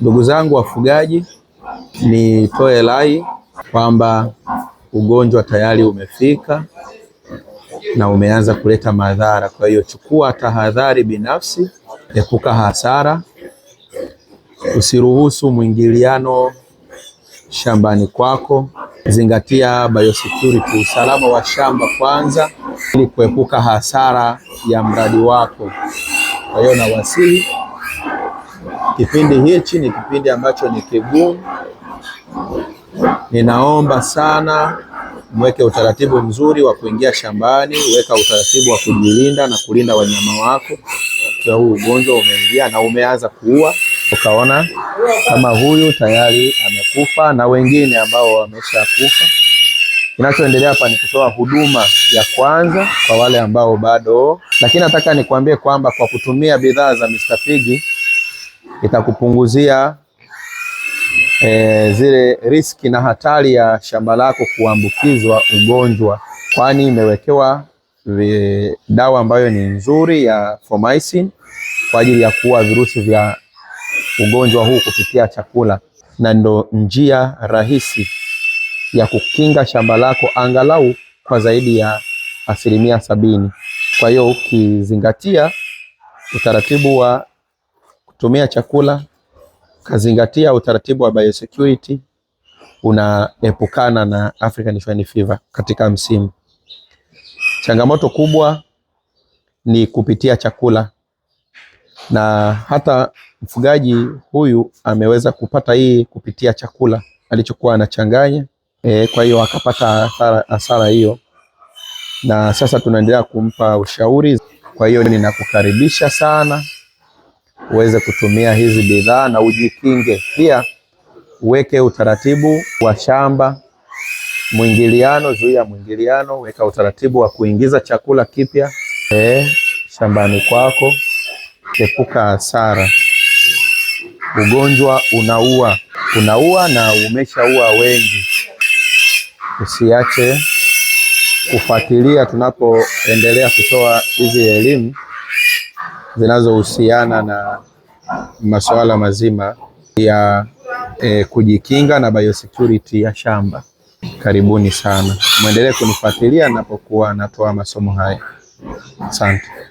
Ndugu zangu wafugaji, nitoe rai kwamba ugonjwa tayari umefika na umeanza kuleta madhara. Kwa hiyo chukua tahadhari binafsi, epuka hasara, usiruhusu mwingiliano shambani kwako, zingatia biosecurity, usalama wa shamba kwanza, ili kuepuka hasara ya mradi wako. Kwa hiyo nawasihi Kipindi hichi ni kipindi ambacho ni kigumu. Ninaomba sana mweke utaratibu mzuri wa kuingia shambani, weka utaratibu wa kujilinda na kulinda wanyama wako. Kwa huu ugonjwa umeingia na umeanza kuua, ukaona kama huyu tayari amekufa na wengine ambao wameshakufa. Kinachoendelea hapa ni kutoa huduma ya kwanza kwa wale ambao bado, lakini nataka nikwambie kwamba kwa kutumia bidhaa za Mr. Piggy itakupunguzia e, zile riski na hatari ya shamba lako kuambukizwa ugonjwa, kwani imewekewa dawa ambayo ni nzuri ya fomaisin kwa ajili ya kuua virusi vya ugonjwa huu kupitia chakula, na ndo njia rahisi ya kukinga shamba lako angalau kwa zaidi ya asilimia sabini. Kwa hiyo ukizingatia utaratibu wa kutumia chakula, kazingatia utaratibu wa biosecurity, unaepukana na African Swine Fever katika msimu. Changamoto kubwa ni kupitia chakula, na hata mfugaji huyu ameweza kupata hii kupitia chakula alichokuwa anachanganya e, kwa hiyo akapata hasara hiyo, na sasa tunaendelea kumpa ushauri. Kwa hiyo ninakukaribisha sana uweze kutumia hizi bidhaa na ujikinge pia. Uweke utaratibu wa shamba, mwingiliano, zuia mwingiliano, weka utaratibu wa kuingiza chakula kipya e, shambani kwako. Epuka hasara, ugonjwa unaua, unaua na umeshaua wengi. Usiache kufuatilia tunapoendelea kutoa hizi elimu zinazohusiana na masuala mazima ya e, kujikinga na biosecurity ya shamba. Karibuni sana, mwendelee kunifuatilia ninapokuwa natoa masomo haya. Asante.